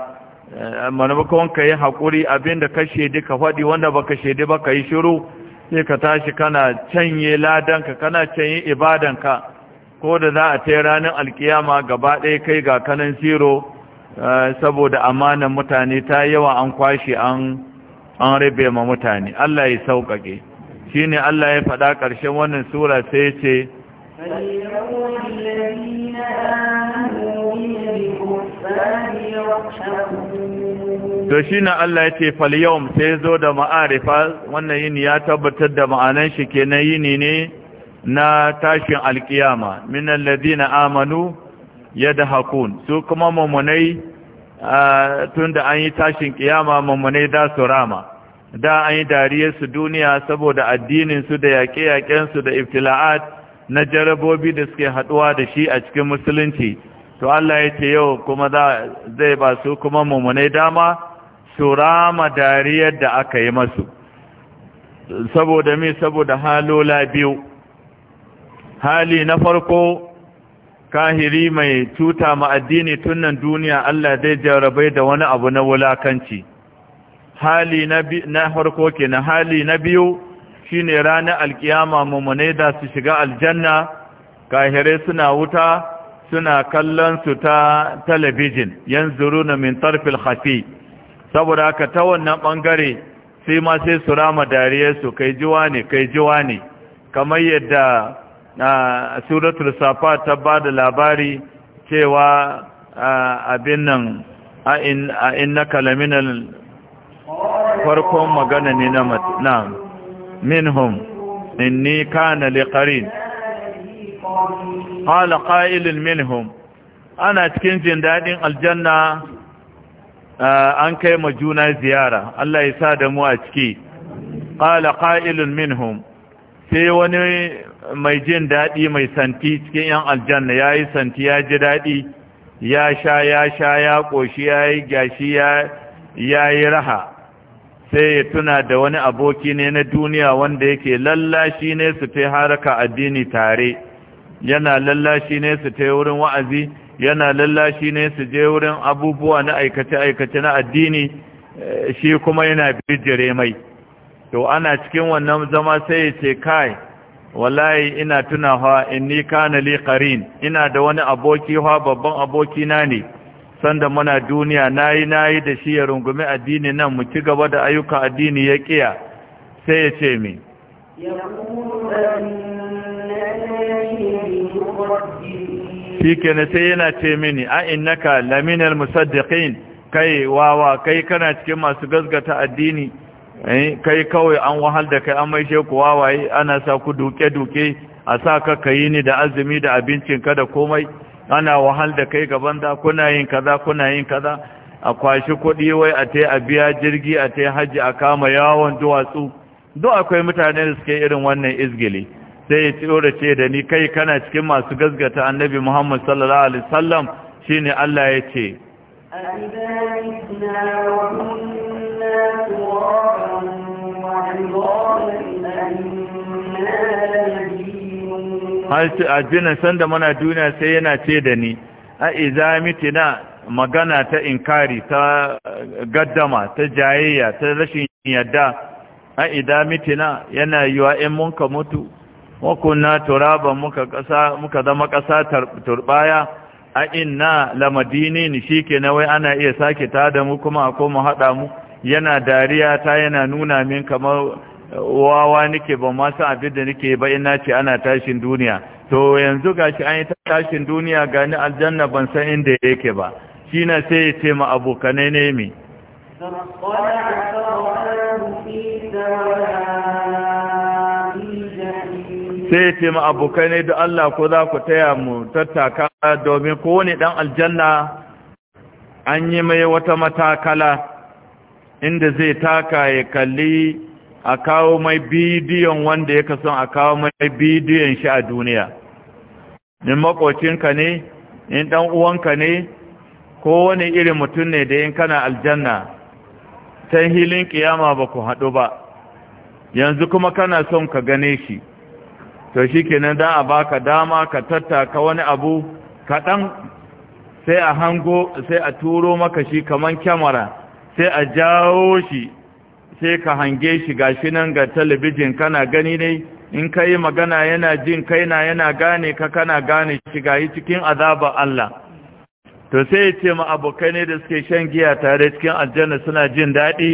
eh, maimakon ka yi haƙuri abinda ka shaidi ka faɗi wanda baka shaidi ba ka yi shiru sai ka tashi kana canye ladanka kana canye ibadanka ko da za a tai ranar alkiyama gaba ɗaya kai ga kanan zero eh, saboda amanan mutane ta yawa an kwashe an rabe ma mutane Allah ya sauƙaƙe shi ne Allah ya faɗa ƙarshen wannan sura sai ya ce فاليوم الذين آمنوا Allah ya ce fal sai zo da ma'arifa wannan yini ya tabbatar da ma'anan shi ke na yini ne na tashin alkiyama min na amanu ya da Hakun. su kuma tun tunda an yi tashin kiyama mummunai za su rama da an yi dariyar duniya saboda addininsu da yaƙe yaƙensu da iftila'at na jarabobi da suke haduwa da shi a cikin musulunci to Allah ya ce yau kuma zai ba su kuma mummunai dama su rama dariyar da aka yi masu saboda mi saboda halola biyu hali na farko kahiri mai cuta ma addini tunan duniya Allah zai jarabai da wani abu na wulakanci hali na farko ke na hali na biyu shine ranar alkiyama mummune da su shiga aljanna kahire suna wuta suna kallon su ta talabijin yanzu na min tarfil saboda haka ta wannan bangare sai ma sai su rama dariyarsu kai jiwa ne kai jiwa ne kamar yadda a suratul safa ta ba da labari cewa abin nan a inna kalaminal farkon magana ne na منهم إني كان لقرين قال قائل منهم أنا تكين جندادين الجنة آه أنكي مجونا زيارة الله يساد مؤتكي قال قائل منهم sai wani mai jin daɗi mai santi cikin 'yan aljanna ya yi santi ya ji daɗi ya sha ya sha ya ƙoshi ya yi gashi ya yi raha sai ya tuna da wani aboki ne na duniya wanda yake lallashi ne su ta haraka addini tare yana lallashi ne su ta wurin wa'azi yana lallashi ne su je wurin abubuwa na aikace-aikace na addini eh, shi kuma yana bijire mai to ana cikin wannan zama sai ya ce kai wallahi ina tunawa inni kana li qarin ina da wani aboki ha babban aboki na ne sanda muna duniya nayi nayi da shi ya rungumi addini nan mu ci gaba da ayyukan addini ya kiya sai ya ce mi ne sai yana ce mini a innaka laminal musaddiqin kai wawa kai kana cikin masu gazgata addini eh, kai kawai an wahal da kai an maishe ku wawaye ana sa ku duke-duke a sa ka kayi ni da azumi da abincin ka da komai ana wahal da kai gaban da kuna yin kaza kuna yin kaza a kwashi kudi wai a tai a biya jirgi a tai haji a kama yawon duwatsu duk akwai mutane da suke irin wannan izgili sai ya tsoro ce da ni kai kana cikin masu gazgata annabi Muhammad sallallahu alaihi wasallam shine Allah ya ce a har abinan sanda mana duniya sai yana ce da ni a iza mitina magana ta inkari ta gaddama ta jayayya ta rashin yadda a iza mitina yana yiwa in munka mutu wakunna turaban muka kasa muka zama kasa turbaya a inna lamadini ni shike na wai ana iya sake tada mu kuma a koma hada mu yana dariya ta yana nuna min kamar wawa nake ba ma san abin da nake ba ina ce ana tashin duniya to yanzu gashi an yi tashin duniya gani aljanna ban san inda yake ba shi na sai ya ce ma abokanai ne mi sai ya ce ma abokanai da Allah ko za ku taya mu tattaka domin kowane dan aljanna an yi mai wata matakala inda zai taka ya kalli a kawo mai bidiyon wanda ya kason a kawo mai bidiyon shi a duniya in makocinka ne in dan uwanka ne ko wani irin mutum ne da in kana aljanna ta hilin kiyama ba ku haɗu ba yanzu kuma kana son ka gane shi to shi kenan da a baka dama ka tattaka wani abu kaɗan sai a hango sai a turo maka shi kaman kyamara sai a jawo shi sai ka hange shi gashi nan ga talabijin kana gani ne in ka yi magana yana jin kai na yana gane ka kana gane shi yi cikin azabar Allah to sai ya ce ma abokai ne da suke shan giya tare cikin aljanna suna jin daɗi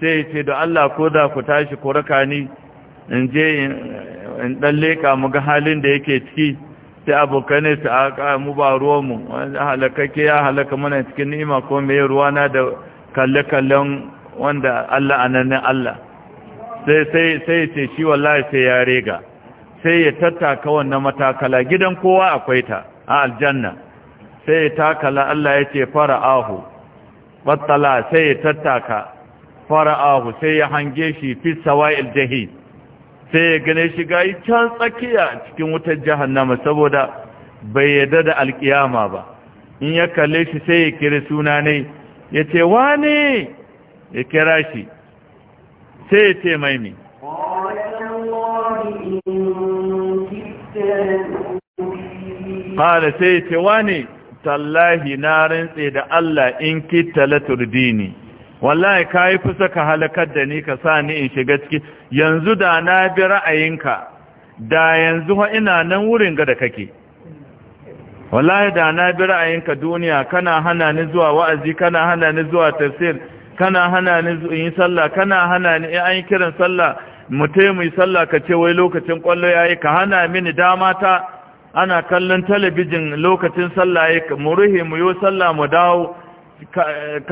sai ya ce da Allah ko za ku tashi ku raka ni in je in ɗan leƙa mu halin da yake ciki sai abokai ne su aka mu ba ruwanmu halakake ya halaka mana cikin ni'ima ko mai ruwana da kalle-kallen wanda Allah ananin Allah sai sai sai ce shi wallahi sai ya rega sai ya tattaka wannan matakala gidan kowa akwai ta a aljanna sai ya takala Allah ya ce fara'ahu battala sai ya tattaka fara'ahu sai ya hange shi fi sawa'il jahi sai ya gane shi ga can tsakiya cikin wutar jahannama saboda bai yarda da alkiyama ba in ya kalle shi sai ya kira suna ne ya ce ya kira shi sai ya ce mai ne ƙada sai ya ce wane tallahi na rantse da Allah in kita laturdini wallahi ka yi fusa ka halakar da ni ka sa ni in shiga ciki yanzu da na bi ra'ayinka da yanzu ina nan wurin ga da kake wallahi da na bi ra'ayinka duniya kana hana ni zuwa wa'azi kana hana ni zuwa tafsir kana hana ni in yi sallah kana hana ni in an yi kiran sallah mutai mu sallah ka ce wai lokacin kwallo yayi ka hana mini dama ta ana kallon talabijin lokacin sallah yayi mu ruhe mu yo sallah mu dawo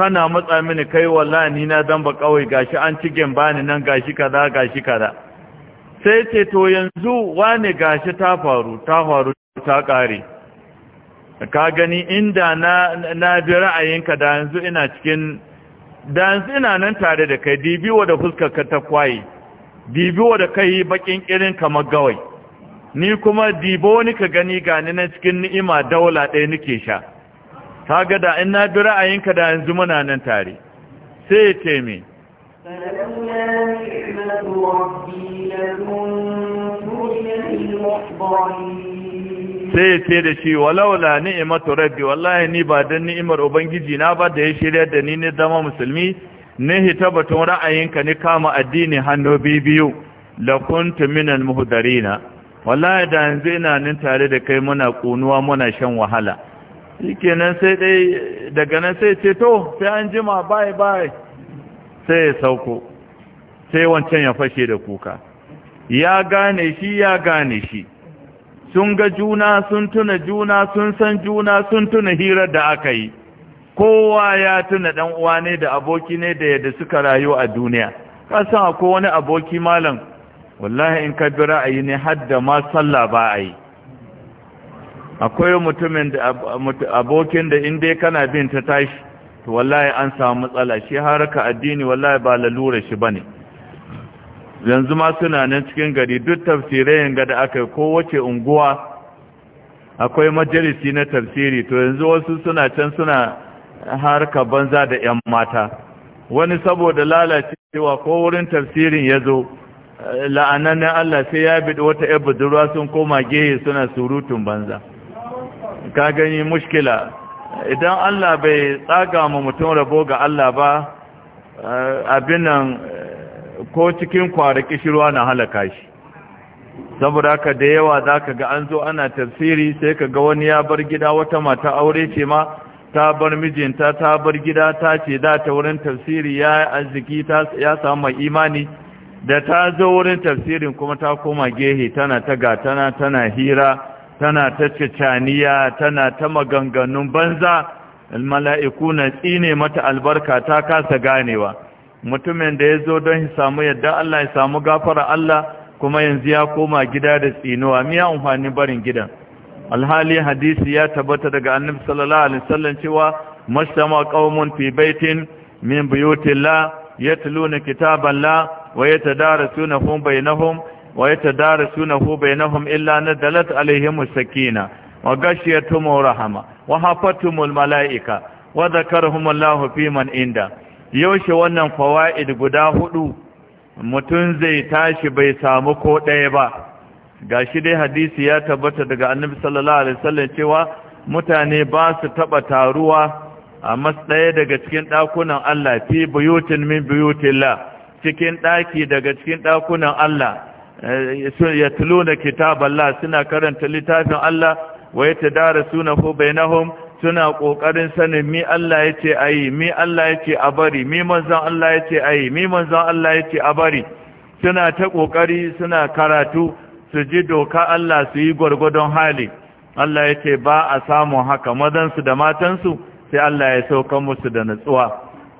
kana matsa mini kai wallahi ni na zamba kawai gashi an ci ni nan gashi kaza gashi kaza sai ce to yanzu wane gashi ta faru ta faru ta kare ka gani inda na na bi ra'ayinka da yanzu ina cikin da yanzu ina nan tare da kai dibiwa da ka ta kwaye dibiwa da kai bakin irin kamar gawai ni kuma dibo ni ka gani gani na cikin ni'ima daula ɗaya nake sha ta ga da na bi ra'ayinka da yanzu muna nan tare sai ya ce me فلولا sai ya ce da shi walaula ni'matu rabbi wallahi ni ba dan ni'imar ubangiji na ba da ya shirya da ni ne zama musulmi ne hitabatun ra'ayinka ni kama addini hannu bibiyu. la kuntu minal muhdarina wallahi da yanzu ina nan tare da kai muna kunuwa muna shan wahala shikenan sai dai daga nan sai ce to sai an jima bye bye sai ya sauko sai wancan ya fashe da kuka ya gane shi ya gane shi sun ga juna sun tuna juna sun san juna sun tuna hirar da aka yi kowa ya tuna dan uwa ne da aboki ne da yadda suka rayu a duniya ka san akwai wani aboki malam wallahi in ka bi ra'ayi ne har da ma sallah ba a yi akwai mutumin da abokin da in dai kana bin ta tashi to wallahi an samu matsala shi haraka addini wallahi ba lalura shi bane yanzu ma suna nan cikin gari duk tafsirai yanga da aka kowace unguwa akwai majalisi na tafsiri to yanzu wasu suna can suna harka banza da 'yan mata wani saboda lalacewa ko wurin tafsirin ya zo na Allah sai ya bi wata 'yan budurwa sun koma gehe suna surutun banza ka gani mushkila idan Allah bai tsaga ma mutum rabo ga Allah ba eh, abin nan ko cikin kwara kishirwa na halaka shi saboda ka da yawa za ka ga an zo ana tafsiri sai ka ga wani ya bar gida wata mata aure ce ma ta bar mijinta ta bar gida ta ce da ta wurin tafsiri ya yi arziki ya samu imani da ta zo wurin tafsirin kuma ta koma gehe tana ta gatana tana hira tana ta cicaniya tana ta maganganun banza mala'iku na tsine mata albarka ta kasa ganewa mutumin da ya zo don ya samu yadda Allah ya samu gafara Allah kuma yanzu ya koma gida da tsinuwa miya amfani barin gidan alhali hadisi ya tabbata daga annabi sallallahu alaihi wasallam cewa mashama qaumun fi baitin min buyutillah yatluna kitaballah wa yatadarasunahu bainahum wa yatadarasunahu bainahum illa nadalat alaihim sakina wa ghashiyatuhum rahma wa hafatumul malaika wa dhakarahum Allahu fi man inda yaushe wannan fawa'id guda hudu mutum zai tashi bai samu ko ɗaya ba Ga shi dai hadisi ya tabbata daga annabi sallallahu alaihi wasallam cewa mutane ba su taba taruwa a ɗaya daga cikin ɗakunan Allah fi buyutin min buyutillah cikin ɗaki daga cikin ɗakunan Allah eh, ya tulo da kitaballah suna karanta littafin Allah wa yatadarasuna hu bainahum suna ƙoƙarin sanin mi Allah ya ce a yi mi Allah ya ce a bari mi manzan Allah ya ce a yi mi manzan Allah ya ce a bari suna ta ƙoƙari suna karatu su ji doka Allah su yi gwargwadon hali Allah ya ce ba a samun haka mazansu da matansu sai Allah ya sauka musu da natsuwa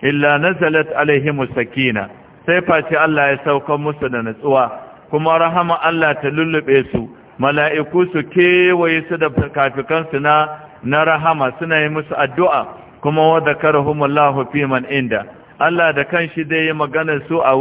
illa na nazalat alaihimus sakina sai face Allah ya sauka musu da natsuwa kuma rahama Allah ta lullube su mala'iku su kewaye su da fikafikansu na na rahama suna yi musu addu'a kuma wadda karahumullahu fi man inda Allah da kanshi dai yi maganar su a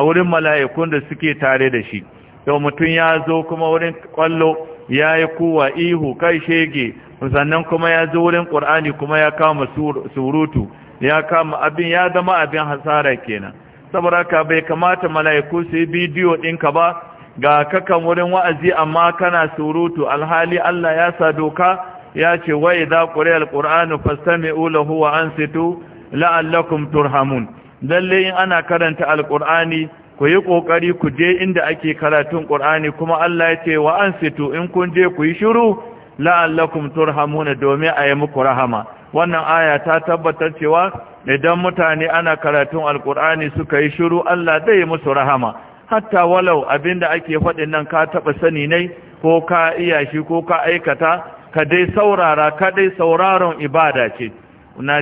wurin mala'ikun da suke tare da shi yau mutum ya zo kuma wurin kwallo ya yi kuwa ihu kai shege sannan kuma ya zo wurin ƙur'ani kuma ya kama surutu ya kama abin ya zama abin hasara kenan saboda ka bai kamata mala'iku su yi bidiyo ɗinka ba ga kakan wurin wa'azi amma kana surutu alhali Allah ya sa doka ya ce za idza quriya alqur'anu fastami'u lahu wa ansitu la'allakum turhamun lalle in ana karanta alqur'ani ku yi kokari ku je inda ake karatun qur'ani kuma Allah ya ce wa ansitu in kun je ku yi shiru la'allakum turhamun domin a yi muku rahama wannan aya ta tabbatar cewa idan mutane ana karatun alqur'ani suka yi shiru Allah zai yi musu rahama hatta walau abinda ake faɗin nan ka taɓa sani ne ko ka iya shi ko ka aikata ka dai saurara ka dai sauraron ibada ce na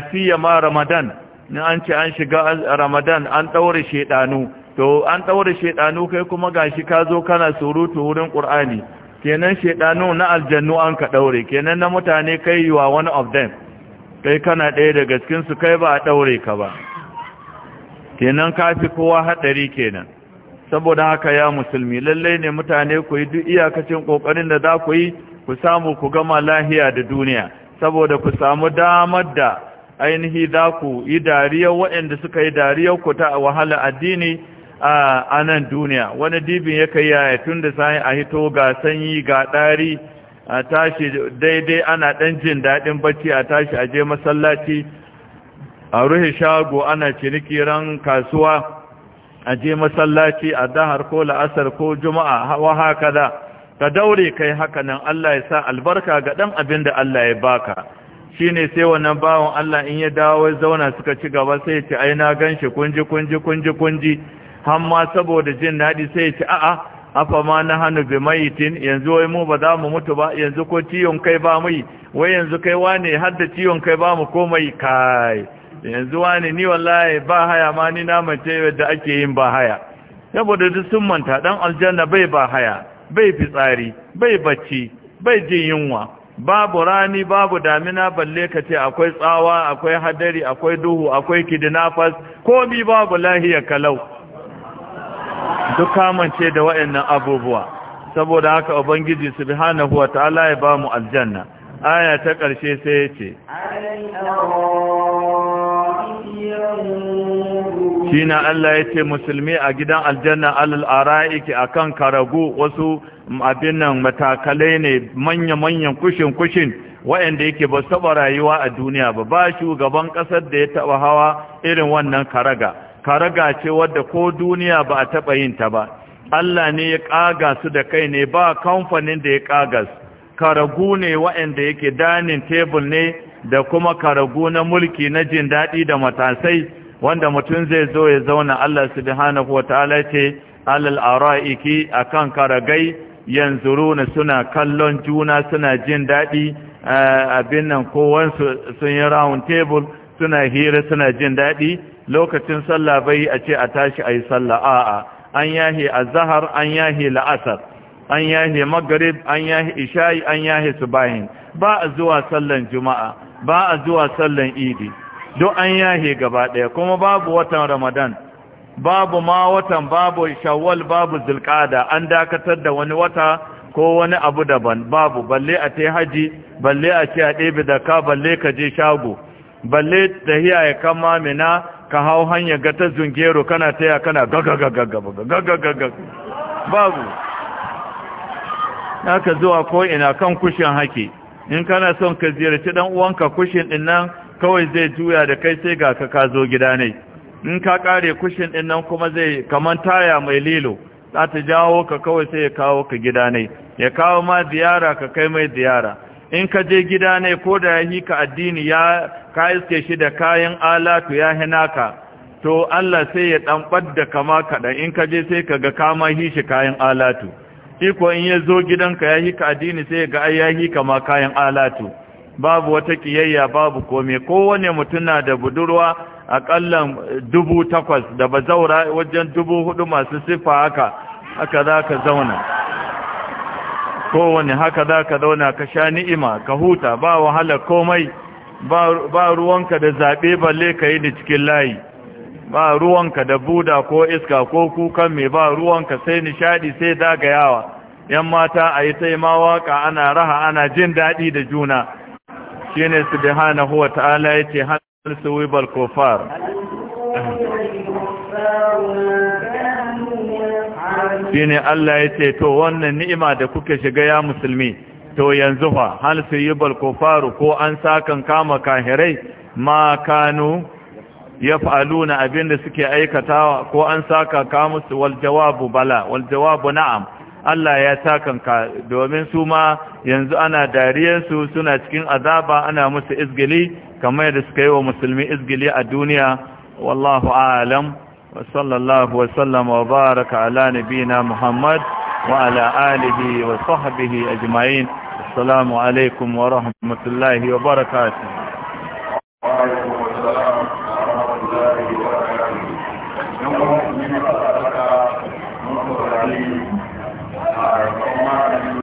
ma ramadan ni an ce an shiga ramadan an ɗaure shaidanu to an ɗaure shaidanu kai kuma gashi ka zo kana surutu wurin qur'ani kenan shaidanu na aljannu an ka ɗaure kenan na mutane kai yiwa one of them kai kana ɗaya daga cikin su kai ba a ɗaure ka ba kenan kafi kowa haɗari kenan saboda haka ya musulmi lallai ne mutane ku yi duk iyakacin ƙoƙarin da za ku yi ku samu ku gama lahiya da duniya saboda ku samu damar da ainihi za ku yi dariyar waɗanda suka yi dariyar ku ta wahala addini a nan duniya wani dibin ya kai yaya tun da sai a hito ga sanyi ga ɗari a tashi daidai ana ɗan jin daɗin bacci a tashi a je masallaci a ruhe shago ana ciniki ran kasuwa a je masallaci a dahar ko la'asar ko juma'a wa haka da ka daure kai hakanan, nan Allah ya sa albarka ga dan abin da Allah ya baka shine sai wannan bawon Allah in ya dawo ya zauna suka ci gaba sai ya ce ai na ganshi kunji kunji kunji kunji har saboda jin nadi sai ya ce a'a afa ma na hannu bi mayitin yanzu wai mu ba za mu mutu ba yanzu ko ciwon kai ba mu wai yanzu kai wane har da ciwon kai ba mu komai kai yanzu wane ni wallahi ba haya ma ni na mace yadda ake yin ba haya saboda duk sun manta dan aljanna bai ba haya bai fitsari bai bacci bai jin yunwa babu rani babu damina balle ka ce akwai tsawa akwai hadari akwai duhu akwai ko komi babu lahiya kalau duk ce da waɗannan abubuwa saboda haka ubangiji subhanahu wataala ya bamu aljanna aya ta ƙarshe sai ya ce Sina Allah ya ce musulmi a gidan aljanna al'ara'iki a kan karagu wasu abin nan matakalai ne manya-manyan kushin-kushin waɗanda yake ba saba rayuwa a duniya ba ba shugaban ƙasar da ya taɓa hawa irin wannan karaga karaga ce wadda ko duniya ba a taɓa yin ta ba Allah ne ya ƙaga su da kai ne ba kamfanin da ya ƙaga su karagu ne waɗanda yake danin tebul ne da kuma karagu na mulki na jin daɗi da matasai wanda mutum zai zo ya zauna Allah subhanahu wataala ce alal araiki akan karagai yanzuruna suna kallon juna suna jin daɗi eh, abin nan kowansu sun yi round table suna hira suna jin daɗi lokacin sallah bai a ce a tashi a yi sallah a'a an yahi azhar an yahi la'asar an yahi maghrib an yahi isha'i an yahi subahin ba a zuwa sallan juma'a ba a zuwa sallan idi Don an yahe gaba ɗaya kuma babu watan ramadan babu ma watan babu shawwal babu zulqada an dakatar da wani wata ko wani abu daban babu balle a te haji balle a ce a ɗebe da ka balle ka je shago balle da ya kama mina ka hau hanya ga ta zungero kana taya kana gagagagagaga babu naka zuwa ko ina kan kushin haki in kana son ka ziyarci dan uwanka kushin din nan kawai zai juya da kai sai ga ka ka zo gida ne in ka kare kushin din nan kuma zai kaman taya mai lilo za ta jawo ka kawai sai ya kawo ka gida ne ya kawo ma ziyara ka kai mai ziyara in ka je gida ne ko da yayi ka addini ya ka iske shi da kayan alatu ya hinaka to Allah sai ya ɗanɓar da kama kaɗan in ka je sai ka ga kama hishi kayan alatu iko in ya zo gidanka ya ka addini sai ya ga ai ya kayan alatu babu wata kiyayya babu komai kowane mutum na da budurwa akalla dubu takwas da ba zaura wajen dubu hudu masu sifa haka haka za ka zauna kowane haka za ka zauna ka sha ni'ima ka huta ba wahala komai ba ruwanka da zaɓe balle ka yi da cikin layi ba ruwanka da buda ko iska ko kukan mai ba ruwanka sai nishaɗi sai zagayawa yan mata a yi taimawa ka ana raha ana jin daɗi da juna shine subhanahu wa ta'ala yace hal suwibal kufar shine Allah yace to wannan ni'ima da kuke shiga ya musulmi to yanzu fa hal suwibal kufaru ko an sakan kama kahirai ma kanu abin abinda suke aikatawa ko an saka kamusu wal jawabu bala wal jawabu na'am Allah ya takanka domin su ma yanzu ana dariyarsu suna cikin azaba ana musu izgili kamar da suka yi wa musulmi izgili a duniya wallahu alam wa sallallahu wa wa baraka ala nabina muhammad wa ala alihi wa sahbihi ajma'in assalamu alaikum wa rahmatullahi wa barakatuh